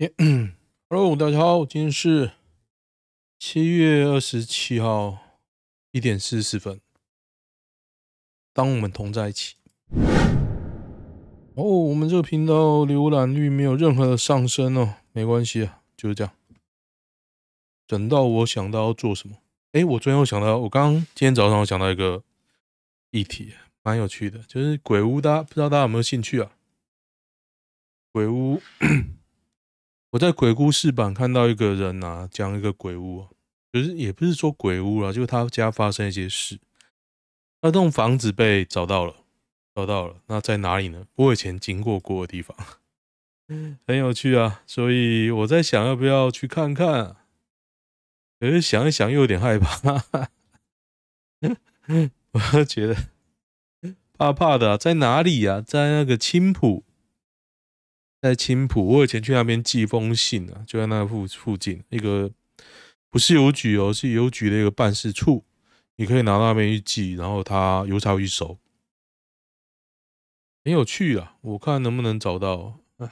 Hello，大家好，今天是七月二十七號一點四十四分。當我們同在一起。哦、oh，我們這個頻道瀏覽率沒有任何的上升哦，沒關係啊，就是這樣。等到我想到要做什麼，哎、欸，我最後想到，我剛今天早上我想到一個議題，蠻有趣的，就是鬼屋，大家不知道大家有沒有興趣啊？鬼屋。 我在鬼故事版看到一個人啊，講一個鬼屋啊，就是也不是說鬼屋啦，就是他家發生一些事，那棟房子被找到了，找到了，那在哪裡呢？我以前經過過的地方，嗯， 很有趣啊，所以我在想要不要去看看啊，可是想一想又有點害怕， 我就覺得怕怕的啊，在哪裡呀啊？在那個青浦。在青浦，我以前去那邊寄封信啊，就在那附附近一個不是郵局哦，是郵局的一個辦事處，你可以拿到那邊去寄，然後他郵差去收，很有趣啊！我看能不能找到，唉，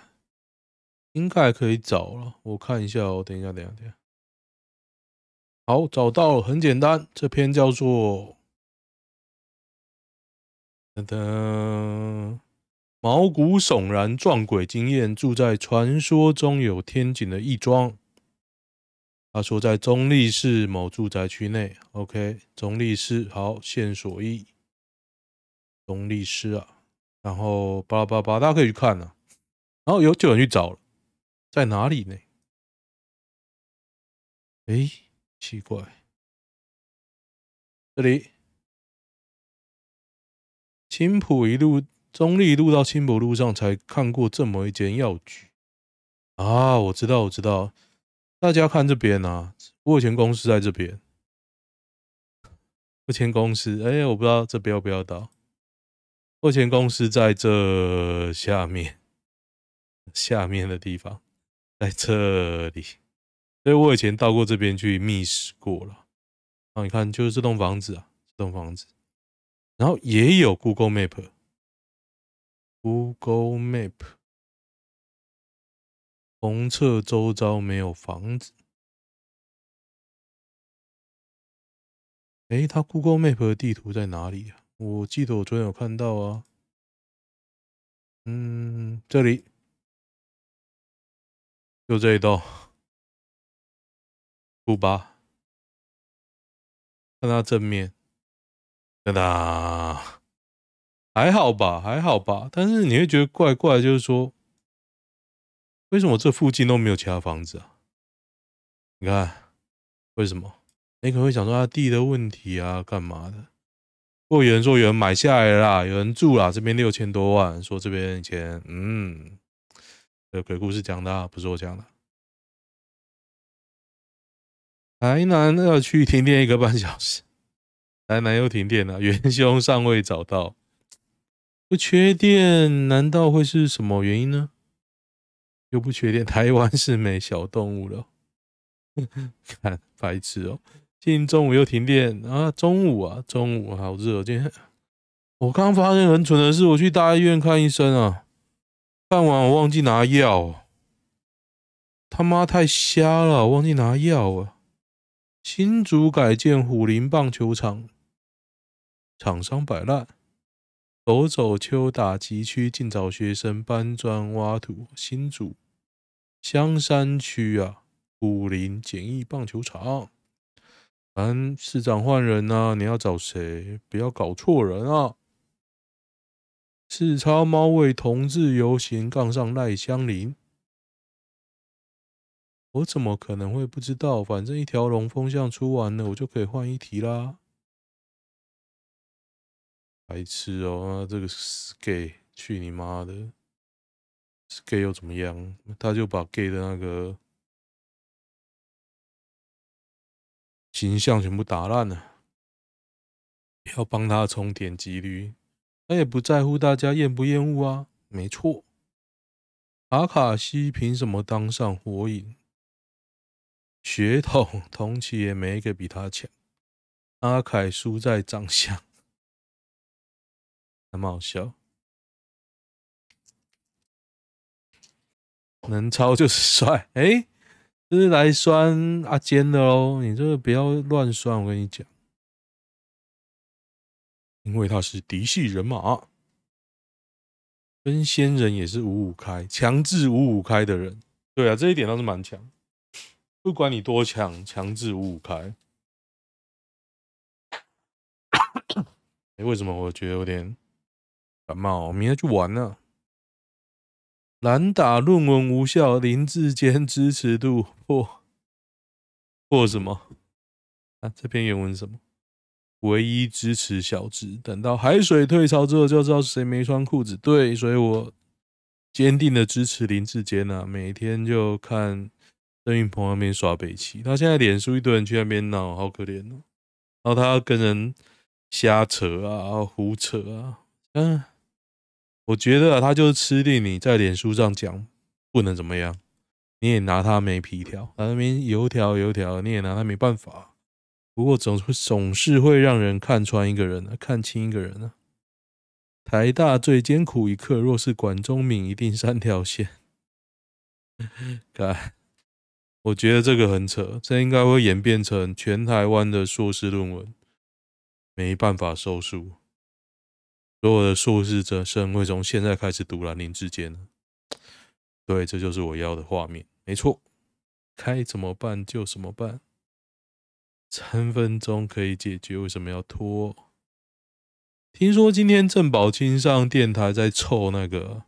應該可以找了，我看一下哦，等一下，等一下，等一下，好，找到了，很簡單，這篇叫做等等。登登毛骨悚然撞鬼經驗，住在傳說中有天井的亦莊。他說在中壢市某住宅區內。OK，中壢市好，線索一，中壢市啊。然後巴拉巴拉，大家可以去看啊。然、哦、後有就有人去找了，在哪裡呢？誒、欸，奇怪，這裡青埔一路。中立路到清博路上才看過這麼一間藥局啊！我知道，我知道。大家看這邊啊，我以前公司在這邊。我以前公司，哎、欸，我不知道這邊要不要到。我以前公司在這下面，下面的地方，在這裡。所以我以前到過這邊去覓食過了。啊，你看，就是這棟房子啊，這棟房子，然後也有 Google Map。Google Map，紅色周遭沒有房子。哎，他 Google Map 的地圖在哪裡呀、啊？我記得我昨天有看到啊。嗯，這裡就這一棟，不吧？看他正面，噠噠。還好吧，還好吧，但是你會覺得怪怪，就是說，為什麼這附近都沒有其他房子啊？你看，為什麼？你、欸、可能會想說，他、啊、地的問題啊，幹嘛的？不過有人說有人買下來了啦，有人住啦。這邊六千多萬，說這邊以前，嗯，呃，鬼故事講的、啊，不是我講的。台南要去停電一個半小時，台南又停電了、啊，元凶尚未找到。不缺電，難道會是什麼原因呢？又不缺電，台灣是沒小動物了。看， 白痴哦！今天中午又停電啊！中午啊，中午啊，好熱。今天我剛發現很蠢的事，我去大醫院看醫生啊，傍晚我忘記拿藥。他媽太瞎了，我忘記拿藥啊！新竹改建虎林棒球場，廠商擺爛。走走，秋打擊區，盡找學生搬磚挖土。新竹香山區啊，古林簡易棒球場。嗯，市長換人啊，你要找誰？不要搞錯人啊。市長貓尾同志遊行，槓上賴香林。我怎麼可能會不知道？反正一條龍風向出完了，我就可以換一題啦。白痴哦，那這個是 gay，去你媽的！gay 又怎麼樣？他就把 gay 的那個形象全部打爛了，要幫他充點擊率，他也不在乎大家厭不厭惡啊。沒錯，卡卡西憑什麼當上火影？血統同期也沒一個比他強，阿凱輸在長相。很好笑，能超就是帥。誒、欸、這、就是來酸阿堅的嘍？你這個不要亂酸，我跟你講，因為他是嫡系人馬，跟仙人也是五五開，強制五五開的人。對啊，這一點倒是蠻強，不管你多強，強制五五開。誒、欸、為什麼我覺得有點？感冒，我明天去玩呢。藍打論文無效，林智堅支持度破破什麼？啊這篇原文什麼？唯一支持小智。等到海水退潮之後，就知道誰沒穿褲子。對，所以我堅定的支持林智堅吶。每天就看鄧雲鵬那邊刷北齊，他現在臉書一堆人去那邊鬧，好可憐哦。然後他跟人瞎扯啊，胡扯啊，嗯。我覺得他就是吃定你在臉書上講不能怎麼樣，你也拿他沒皮條，拿他沒油條油條，你也拿他沒辦法。不過總會總是會讓人看穿一個人，啊、看清一個人，啊、台大最艱苦一刻，若是管中閔，一定三條線。看，我覺得這個很扯，這應該會演變成全台灣的碩士論文沒辦法收書所有的術士生會從現在開始讀藍林志之間，對，這就是我要的畫面，沒錯。該怎麼辦就怎麼辦，三分鐘可以解決，為什麼要拖、哦？聽說今天鄭寶清上電台在湊那個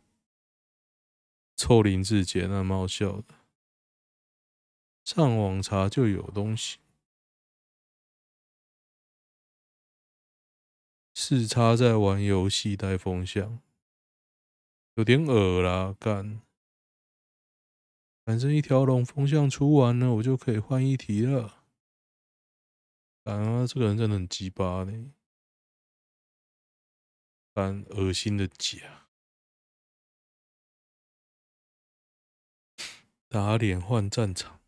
臭、啊、林智堅，那貓笑的。上網查就有東西。試插在玩遊戲帶風向，有點惡啦！幹，反正一條龍風向出完了，我就可以換一題了。幹啊，這個人真的很雞巴呢。幹，噁心的緊。打臉換戰場。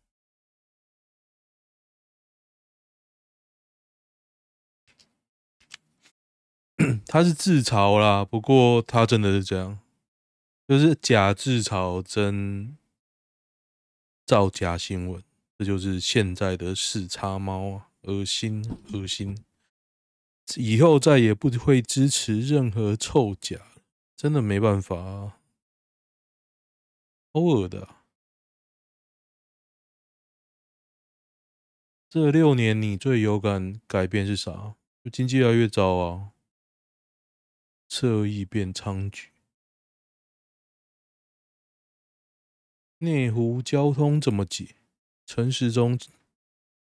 他是自嘲啦，不過他真的是這樣，就是假自嘲真造假新聞，這就是現在的四叉貓啊，噁心，噁心！以後再也不會支持任何臭假，真的沒辦法啊，偶爾的、啊！這六年你最有感改變是啥？經濟越來越糟啊。側翼變猖獗，內湖交通怎麼解？陳時中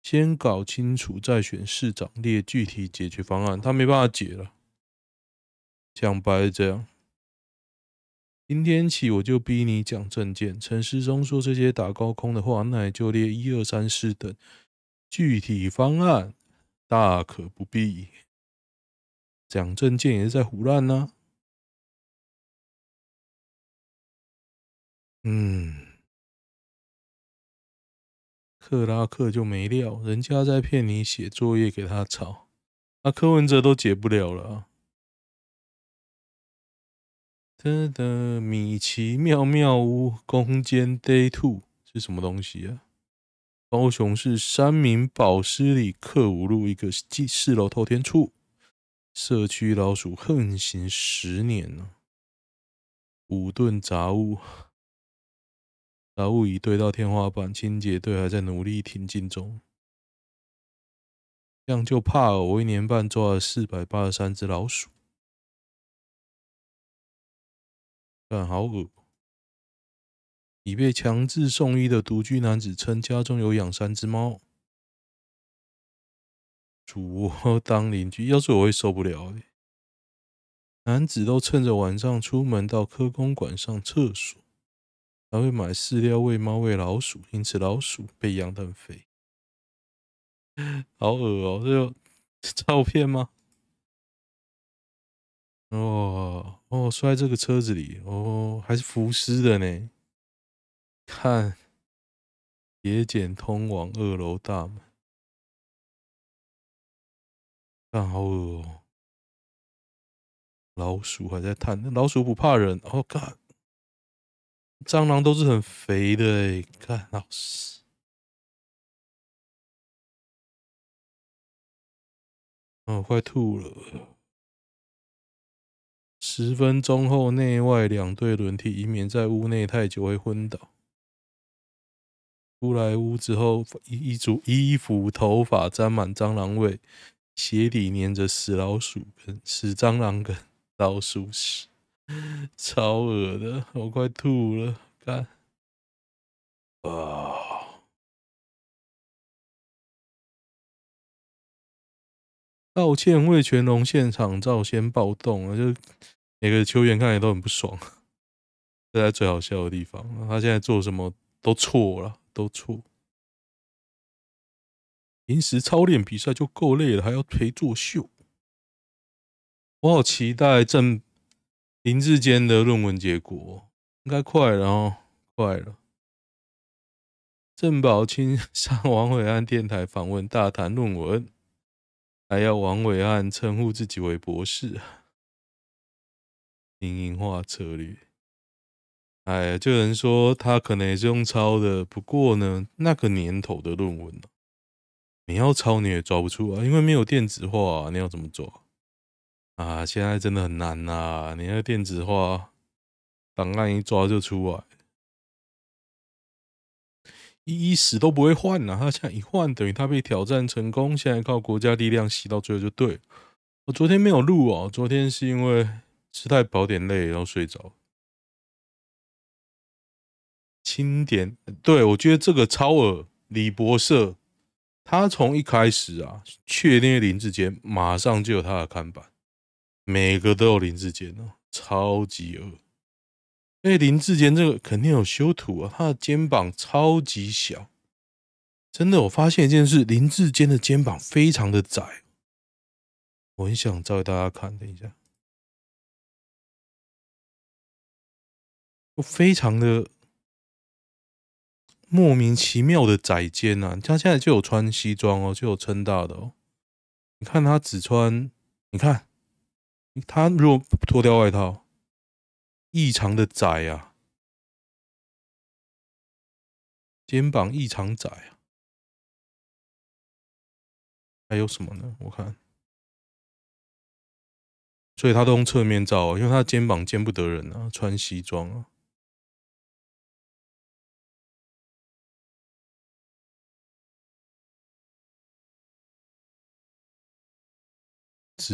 先搞清楚，再選市長，列具體解決方案。他沒辦法解了。講白這樣，今天起我就逼你講政見。陳時中說這些打高空的話，那也就列一二三四等具體方案，大可不必。講證件也是在胡亂呢、啊。嗯，克拉克就沒料，人家在騙你寫作業給他抄，那柯文哲都解不了了。的的，米奇妙妙屋空間 Day Two 是什麼東西啊？高雄市三民寶獅里克武路一個四樓透天厝。社區老鼠橫行十年了，五噸雜物，雜物已堆到天花板，清潔隊還在努力挺進中。這樣就怕我一年半抓了四百八十三隻老鼠，但好噁。已被強制送醫的獨居男子稱，家中有養三只貓。主臥當鄰居，要是我會受不了的、欸、男子都趁着晚上出門到科工館上廁所，還會買飼料餵貓餵老鼠，因此老鼠被養得肥。好惡哦、喔，這有照片嗎？哦哦，摔在這個車子裡哦，還是福斯的呢。看，鐵簡通往二樓大門。看，好噁哦！老鼠還在探，老鼠不怕人。哦，幹，蟑螂都是很肥的哎！幹，老師、哦，我快吐了。十分鐘後，內外兩隊輪替，以免在屋內太久會昏倒。出來屋之後，衣組衣服、頭髮沾滿蟑螂味。鞋底粘着死老鼠跟死蟑螂跟老鼠屎，超惡的，我快吐了！看，啊，抱歉為味全龍現場照先暴動了，就每個球員看起來都很不爽。這是最好笑的地方，他現在做什麼都錯了，都錯。平時操練比賽就夠累了，還要陪作秀。我好期待鄭林智堅的論文結果，應該快了哦，快了。鄭寶清上王偉安電台訪問，大談論文，還要王偉安稱呼自己為博士。民營化策略，哎呀，這人說他可能也是用抄的，不過呢，那個年頭的論文你要抄你也抓不出啊，因為沒有電子化，你要怎麼抓啊？現在真的很難吶、啊！你要電子化，檔案一抓就出來，一一死都不會換吶、啊。他現在一換，等於他被挑戰成功。現在靠國家力量洗到最後就對。我昨天沒有錄哦、啊，昨天是因為吃太飽點累，然後睡着。清點，對，我覺得這個超耳李博社。他從一開始啊，確定林智堅馬上就有他的看板，每個都有林智堅哦，超級惡，因為林智堅這個肯定有修圖啊，他的肩膀超級小，真的。我發現一件事，林智堅的肩膀非常的窄，我很想照給大家看。等一下，非常的。莫名其妙的窄肩啊，他現在就有穿西裝哦，就有撐大的哦。你看他只穿，你看他如果脫掉外套，異常的窄啊，肩膀異常窄啊。還有什麼呢？我看，所以他都用側面照哦，因為他肩膀見不得人啊，穿西裝啊。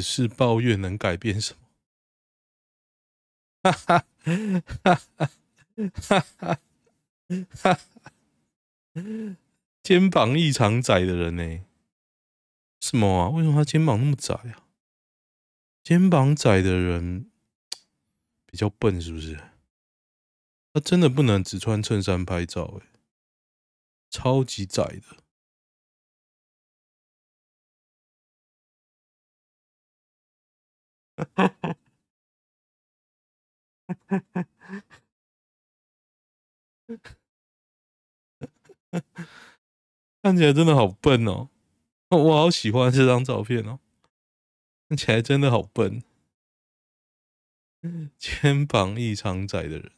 只是抱怨能改變什麼？哈哈哈哈哈！哈哈，肩膀異常窄的人呢、欸？什麼啊？為什麼他肩膀那麼窄啊？肩膀窄的人比較笨，是不是？他真的不能只穿襯衫拍照，欸，超級窄的。 看起來真的好笨哦！我好喜歡這張照片哦，看起來真的好笨，肩膀異常窄的人。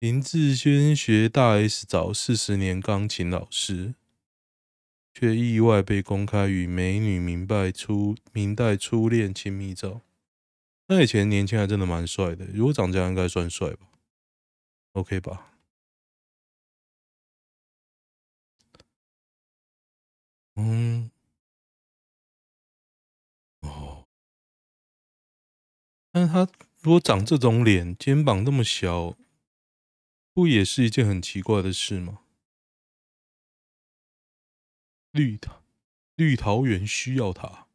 林智堅學大 S 找四十年鋼琴老師。卻意外被公開與美女明白初明代初戀親密照。那以前年輕還真的蠻帥的，如果長這樣應該算帥吧？OK 吧？嗯，哦。但是他如果長這種臉，肩膀這麼小，不也是一件很奇怪的事嗎？綠，綠桃綠桃園需要它。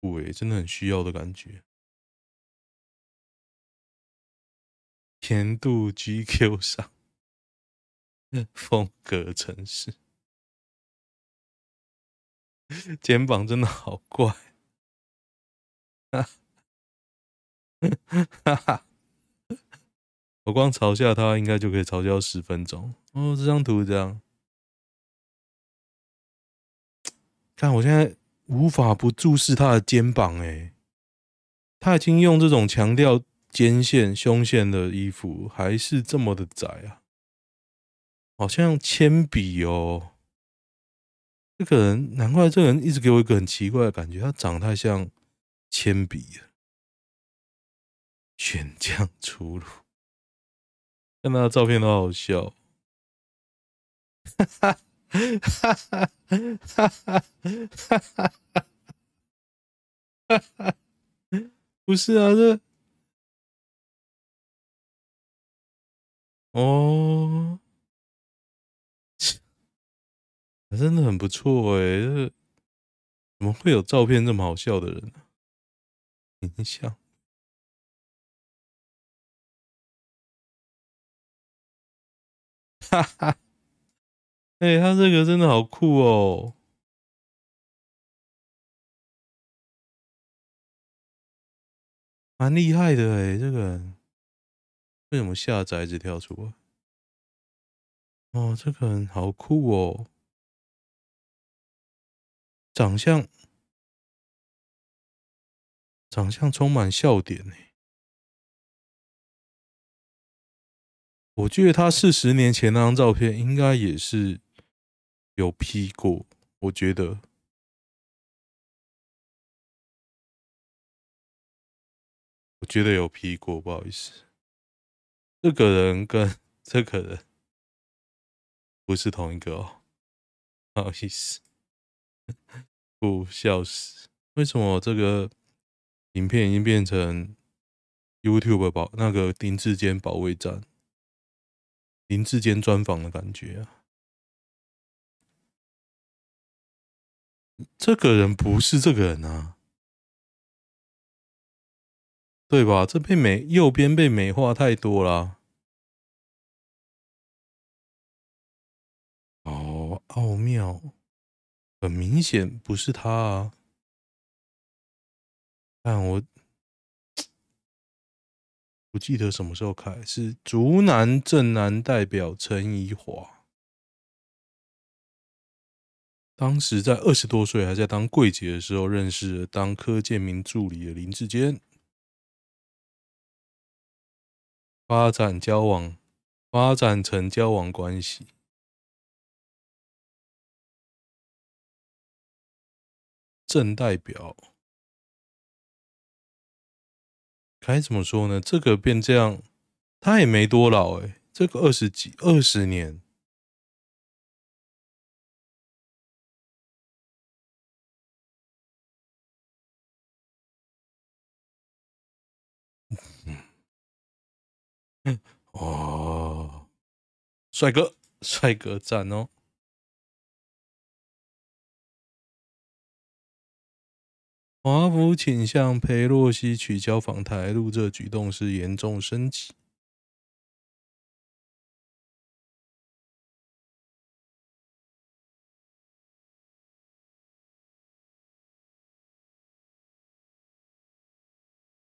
喂，真的很需要的感覺。甜度 GQ 上，風格城市，肩膀真的好窄，哈哈哈哈，我光嘲笑他，應該就可以嘲笑十分鐘。哦，這張圖是這樣。但我現在無法不注視他的肩膀，欸，他已經用這種強調肩線、胸線的衣服，還是這麼的窄啊，好像鉛筆哦。這個人，難怪這個人一直給我一個很奇怪的感覺，他長得太像鉛筆了，選將出爐，看他的照片都好笑，哈哈。哈哈哈哈哈！哈哈，不是啊，這哦，oh、 真的很不錯哎，這怎麼會有照片這麼好笑的人呢？啊？你笑，哈哈。哎、欸，他這個真的好酷哦、喔，蠻厲害的哎、欸，這個人為什麼下載一直跳出來？哦，這個人好酷哦、喔，長相長相充滿笑點哎、欸，我覺得，他四十年前那張照片，應該也是。有 P 過，我覺得，我覺得有 P 過，不好意思，這個人跟這個人不是同一個哦，不好意思，不笑死？為什麼這個影片已經變成 YouTube 保那個林智堅保衛戰、林智堅專訪的感覺啊？這個人不是這個人啊，對吧？這邊美右邊被美化太多了啊。哦，奧妙，很明顯不是他啊。但我，不記得什麼時候開始，竹南鎮南代表陳怡華。當時在二十多歲，還在當櫃姐的時候，認識了當柯建銘助理的林智堅，發展交往，發展成交往關係。正代表該怎麼說呢？這個變這樣，他也沒多老哎、欸，這個二十幾二十年哦，帥哥，帥哥贊哦！華府傾向裴洛西取消訪台，錄這舉動是嚴重升級。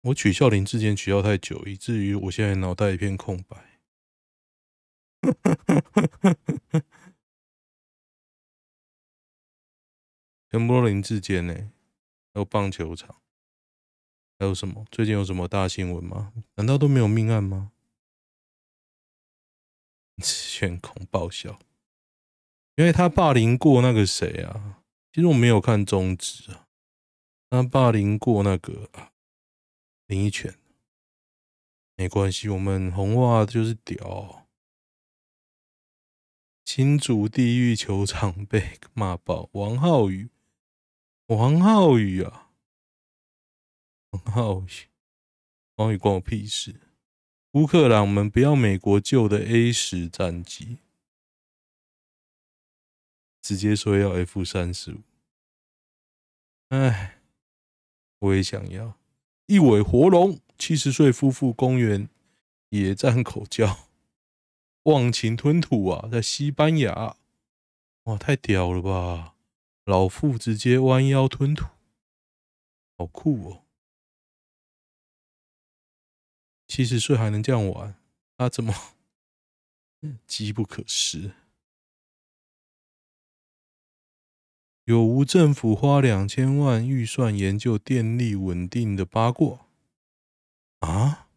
我取笑林智堅取笑太久，以至於我現在腦袋一片空白。 全部林智堅誒，還有棒球場，還有什麼？最近有什麼大新聞嗎？難道都沒有命案嗎？臉 孔爆笑，因為他霸凌過那個誰啊？其實我沒有看中職啊，他霸凌過那個。林一拳，沒關係，我們紅襪就是屌、喔。新竹地獄球場被罵爆，王浩宇，王浩宇啊，王浩宇，王浩宇關我屁事。烏克蘭我們不要美國舊的 A10 戰機，直接說要 F35。哎，我也想要。一尾活龍，七十歲夫婦公園野戰口交。忘情吞吐啊！在西班牙，哇，太屌了吧！老婦直接彎腰吞吐，好酷哦！七十歲還能這樣玩，他、啊、怎麼？嗯，機不可失。有無政府花兩千萬預算研究電力穩定的八卦啊？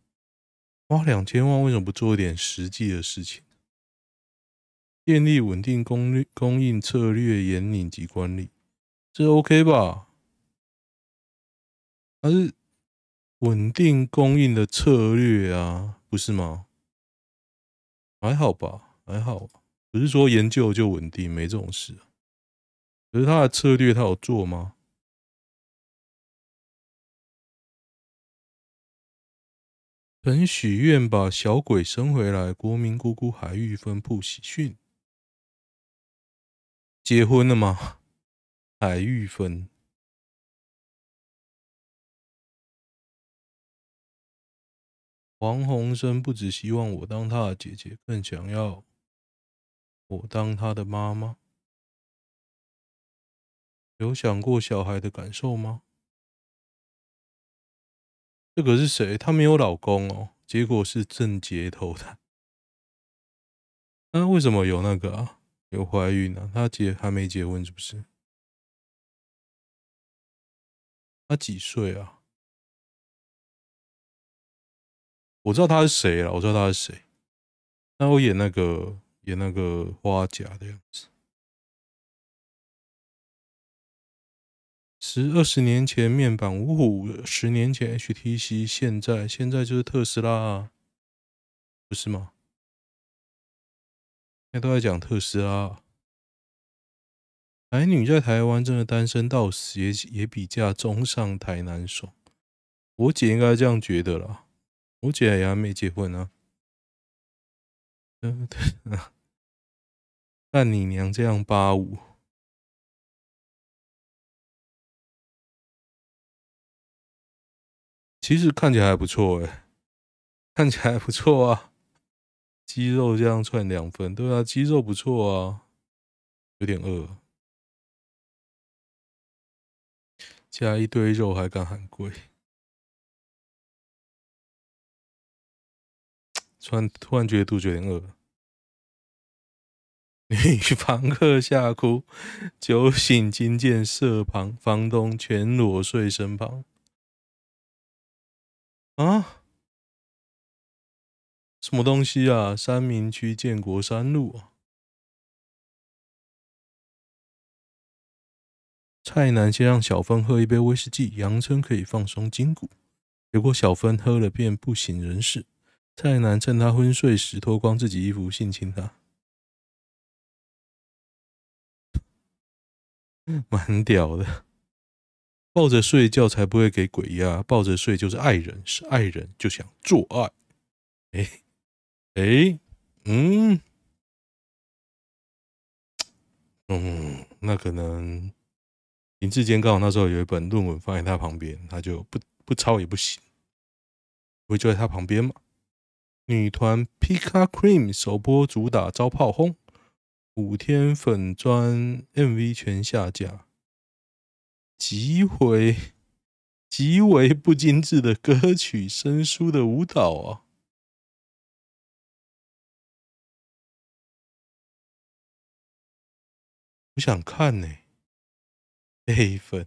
花兩千萬為什麼不做一點實際的事情？電力穩定供率、供應策略研究及管理，這 OK 吧？還是穩定供應的策略啊，不是嗎？還好吧，還好吧，不是說研究就穩定，沒這種事啊。可是他的策略，他有做嗎？曾許願把小鬼生回來，國民姑姑海裕芬報喜訊。結婚了嗎？海裕芬。黃鴻升不只希望我當他的姐姐，更想要我當他的媽媽。有想過小孩的感受嗎？這個是誰？她沒有老公哦、喔。結果是正街頭的。那、啊、為什麼有那個啊？有懷孕啊？她結還沒結婚，是不是？她幾歲啊？我知道她是誰了。我知道她是誰。那我演那個演那個花甲的樣子。十二十年前，面板五虎、哦；十年前，HTC；現在，現在就是特斯拉、啊，不是嗎？現在都在講特斯拉、啊。台女在台灣真的單身到死，也也比較中上台男爽。我姐應該這樣覺得啦。我姐也還沒結婚啊。嗯，對。按你娘這樣八五。其實看起來還不錯哎，看起來還不錯啊，雞肉這樣串兩份，對啊，雞肉不錯啊，有點餓，加一堆肉還敢喊貴，突然突然覺得肚子有點餓。女房客嚇哭，酒醒驚見色旁，房東全裸睡身旁。啊，什麼東西啊？三民區建國三路啊！蔡男先讓小芬喝一杯威士忌，佯稱可以放鬆筋骨。結果小芬喝了便不省人事，蔡男趁她昏睡時脫光自己衣服性侵她，蠻屌的。抱着睡覺才不會給鬼壓，抱着睡就是愛人，是愛人就想做愛。誒誒，嗯嗯，那可能林智堅剛好那時候有一本論文放在他旁邊，他就不不抄也不行，不會就在他旁邊嗎？女團 Pika Cream 首播主打遭炮轟，五天粉專 MV 全下架。極為、極為不精緻的歌曲，生疏的舞蹈啊！我想看呢、欸，這一份。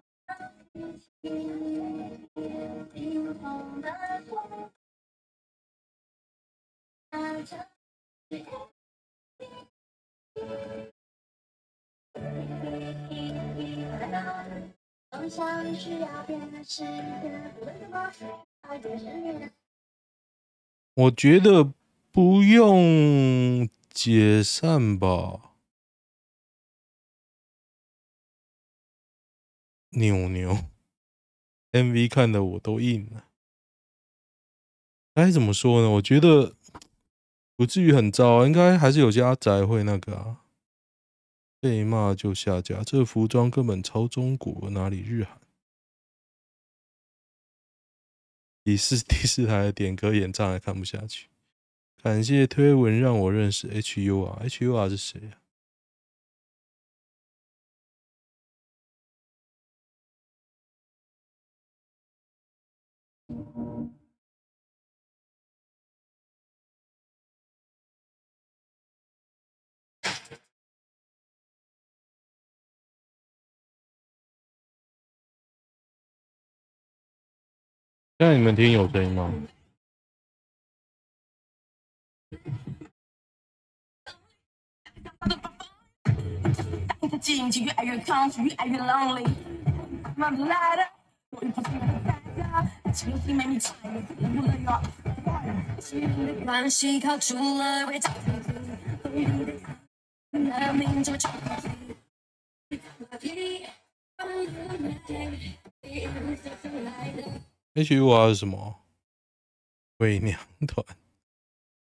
我覺得不用解散吧。扭扭 MV 看的我都硬了，該怎麼說呢？我覺得不至於很糟，應該還是有些阿宅會那個啊。被罵就下架，這服裝根本抄中國，哪裡日韓？第四第四台的點歌演唱還看不下去，感謝推文讓我認識 HUR，HUR 是誰啊？現在你們聽有聲音嗎？音樂音樂那句話是什麼？偽娘團？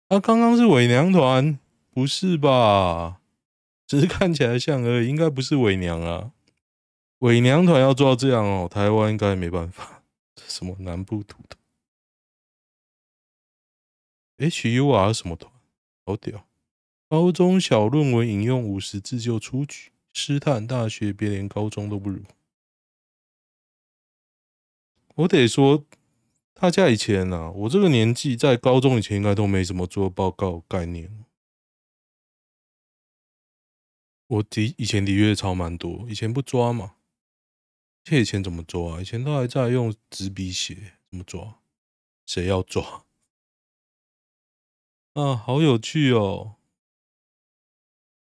啊，剛剛是偽娘團，不是吧？只是看起來像而已，應該不是偽娘啊。偽娘團要做到這樣哦，台灣應該沒辦法。什麼南部圖的 HUR 什麼團？好屌！高中小論文引用五十字就出局，師範大學別連高中都不如。我得說，大家以前啊，我這個年紀在高中以前應該都沒什麼做報告概念。我的以前的月抄蠻多，以前不抓嘛。以前怎麼抓啊？以前都還在用紙筆寫，怎麼抓？誰要抓？啊，好有趣哦！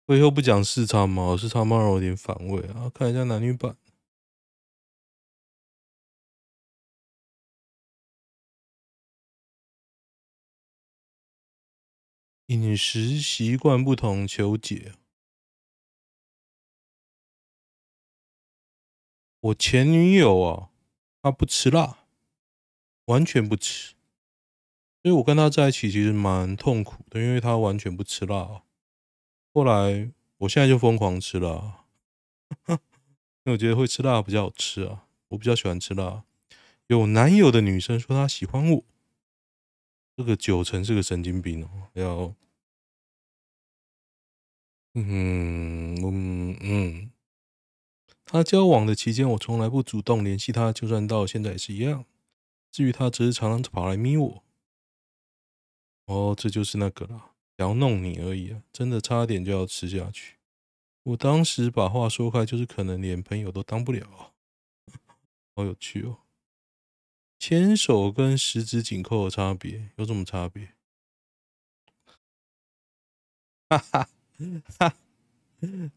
我以後不講誤差嗎？誤差讓我媽媽有點反胃啊！看一下男女版，飲食習慣不同，求解。我前女友啊，她不吃辣，完全不吃，所以我跟她在一起其實蠻痛苦的，因為她完全不吃辣。後來，我現在就瘋狂吃辣，因為我覺得會吃辣比較好吃啊，我比較喜歡吃辣。有男友的女生說她喜歡我，這個九成是個神經病哦、啊。要，嗯嗯嗯。嗯他交往的期間，我從來不主動聯繫他，就算到現在也是一樣。至於他，只是常常跑來咪我。哦，這就是那個啦，撩弄你而已啊！真的差點就要吃下去。我當時把話說開，就是可能連朋友都當不了啊。好有趣哦，牽手跟十指緊扣的差別有什麼差別？哈哈，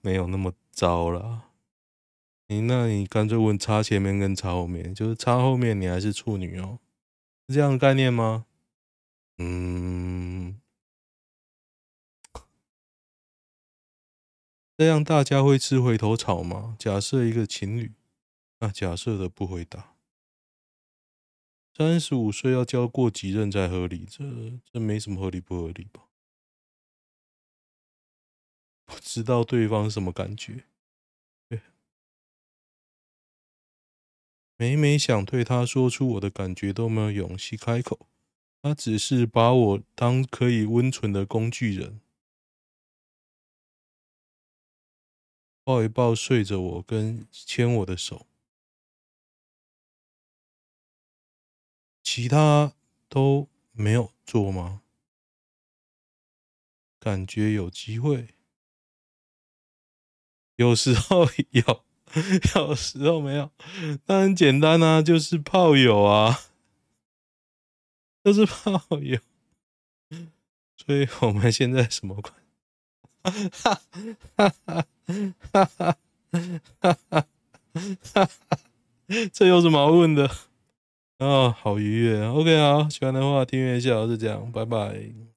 沒有那麼糟啦。你那你乾脆問叉前面跟叉後面，就是叉後面你還是處女哦，是這樣的概念嗎？嗯，這樣大家會吃回頭草嗎？假設一個情侶，那、啊、假設的不回答。三十五歲要交過幾任才合理？這這沒什麼合理不合理吧？不知道對方是什麼感覺。每每想對他說出我的感覺，都沒有勇氣開口。他只是把我當可以溫存的工具人，抱一抱睡着我，跟牽我的手，其他都沒有做嗎？感覺有機會，有時候有。有時候沒有，那很簡單啊，就是炮友啊，就是炮友。所以我們現在什麼關？哈哈哈哈哈哈！哈哈哈哈哈！這有什麼好問的？啊、哦，好愉悅。OK，好，喜歡的話訂閱一下，就這樣，拜拜。